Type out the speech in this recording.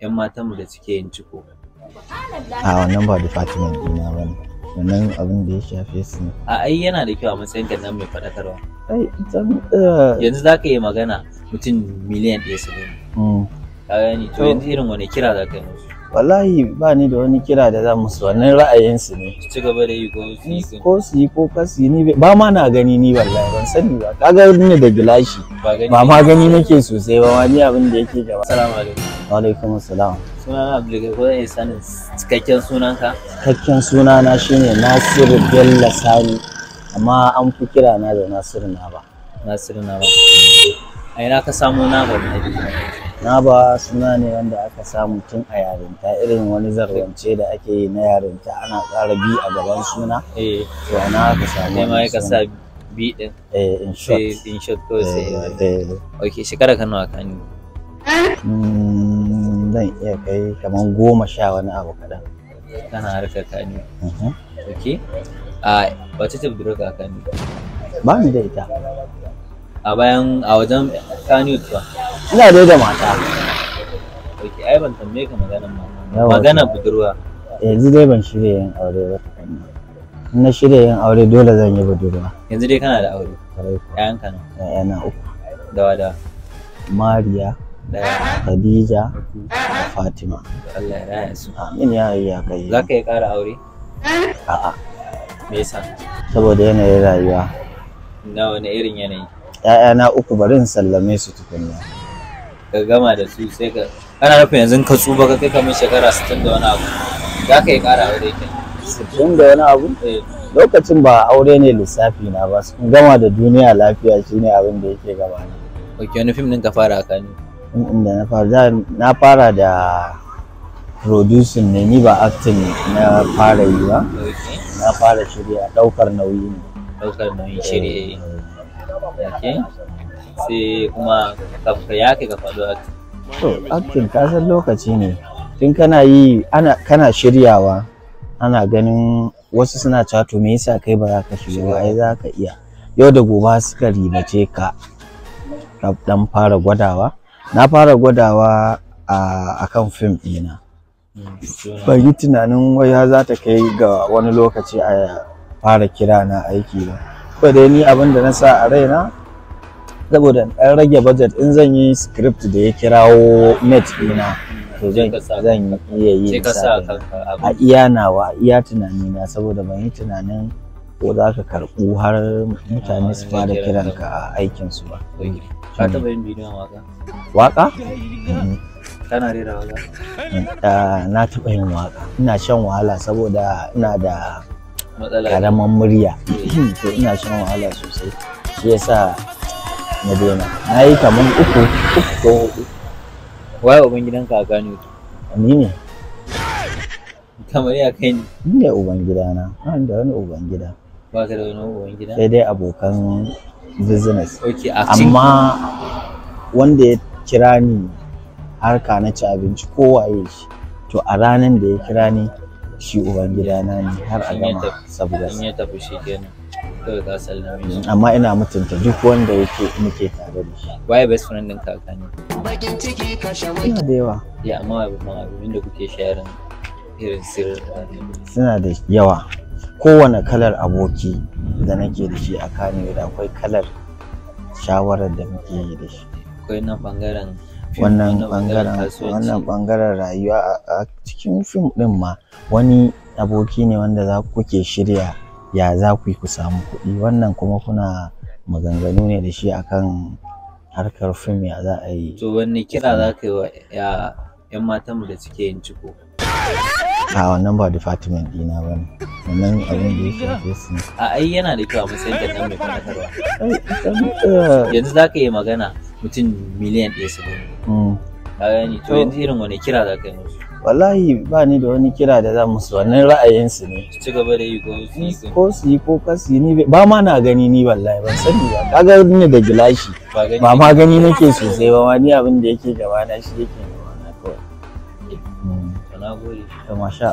'yan matanmu da suke yin ciko. A wannan ba department ɗina ba ne. Wannan abin da ya shafe su. A ai yana da kyau a matsayin ka nan mai faɗakarwa. Eh, yanzu za ka yi magana mutum miliyan ɗaya su ne. Mm. Ka gani to yanzu irin wani kira za ka yi musu. wallahi ba ni da wani kira da za musu wannan ra'ayinsu ne ci gaba da yi ko su yi ko kasu ni ba ma na gani ni wallahi ban sani ba kaga ni da gilashi ba ma gani nake sosai ba ma ni abin da yake gaba assalamu alaikum wa alaikum assalam sunana abdulgafar ko ne sanin cikakken sunanka cikakken sunana shine nasiru bello sani amma an fi kira na da nasiru na ba nasiru na ba a ina ka samu na ba na ba suna ne wanda aka samu tun a yarinta irin wani zarwance da ake yi na yarinta ana ƙara bi a gaban suna eh. to ana aka samu ne ma ka sa bi din eh in short eh, in short ko sai eh, okay shekara ka nawa kan hmm, zan iya kai kaman goma sha wani abu kaɗan kana harkar kani mhm. okay a wace ce ka kani ba ni da ita a bayan a wajen kani ba ina dai da mata ok ai ban tambaye ka maganar mata magana budurwa yanzu dai ban shirya yin aure ba na shirya yin aure dole zan yi budurwa yanzu dai kana da aure ƴaƴan ka nan na uku dawa dawa mariya daya khadija da fatima Allah ya raya su amin ya yi ya kai za ka yi ƙara aure a'a me yasa saboda yanayin rayuwa na wani irin yanayi na uku bari in sallame su tukunna ka gama da su sai ka kana nufin yanzu ka tsuba ka kai kamar shekara 60 da wani abu za ka yi ƙara aure ke 60 da wani abu eh. lokacin ba aure ne lissafi na ba sun gama da duniya lafiya shine abin da yake gaba ne ok wani fim din ka fara ka ne inda na fara na fara da producing ne ni ba acting na fara yi ba na fara shirya daukar nauyi ne daukar nauyin shirye eh. okay sai kuma ka yake ka faɗo to ka lokaci ne tun kana yi ana kana shiryawa ana ganin wasu suna cewa me yasa kai ba za ka shiga ba ai za ka iya yau da gobe suka ribace ka ka dan fara gwadawa na fara gwadawa a akan fim ɗina ban yi tunanin waya za ta kai ga wani lokaci a fara kira na aiki ba kawai dai ni abin da na sa a raina saboda ɗan rage budget in zan yi script da ya kirawo net ɗina to zan iya yi a iya nawa iya tunani na saboda ban yi tunanin ko za ka karɓu har mutane su fara kiran ka a aikin su ba mm. ka taɓa yin bidiyon waka waka mm. kana rera waka mm. ah, na taɓa yin waka ina shan wahala saboda ina da karaman murya to ina shan wahala sosai shi yasa na daina na yi kamar uku uku ko hudu waye ubangidan gidan kaka ne ni ne kamar ya kai ni ni ne uban gidana na da wani uban ba ka da wani uban sai dai abokan business okay, amma wanda ya kira ni harka na ci abinci kowaye shi to a ranar da ya kira ni shi uban gidana ne har a gama saboda ya tafi shi kenan amma ina mutunta duk wanda yake muke tare da shi waye best friend din kaka ne bakin ciki ka ina da yawa ya amma babban abin da kuke sharing irin sir suna da yawa kowane kalar aboki da nake da shi a kano da akwai kalar shawarar da muke yi da shi akwai na bangaren wannan bangaren wannan bangaren rayuwa a cikin fim din ma wani aboki ne wanda za ku ke shirya ya za ku yi ku samu kuɗi wannan kuma kuna maganganu ne da shi akan harkar fim ya za a yi to wanne kira za ka yi wa yan matan da suke yin ciko a wannan ba department dina ba ne wannan abin da ya shafe su a ai yana da kyau a matsayin da nan mai fadakarwa yanzu za ka yi magana mutum miliyan ɗaya su gani hmm. gani to yanzu irin wani kira za ka yi musu wallahi ba ni da wani kira da za musu wannan ra'ayin su ne ci gaba da yi ko su yi ko su yi ko kasi ni ba ma na gani ni wallahi ban sani ba kaga ni da gilashi ba ma gani nake sosai ba ma ni abin da yake gaba na shi yake gaba na kawai to na gode to masha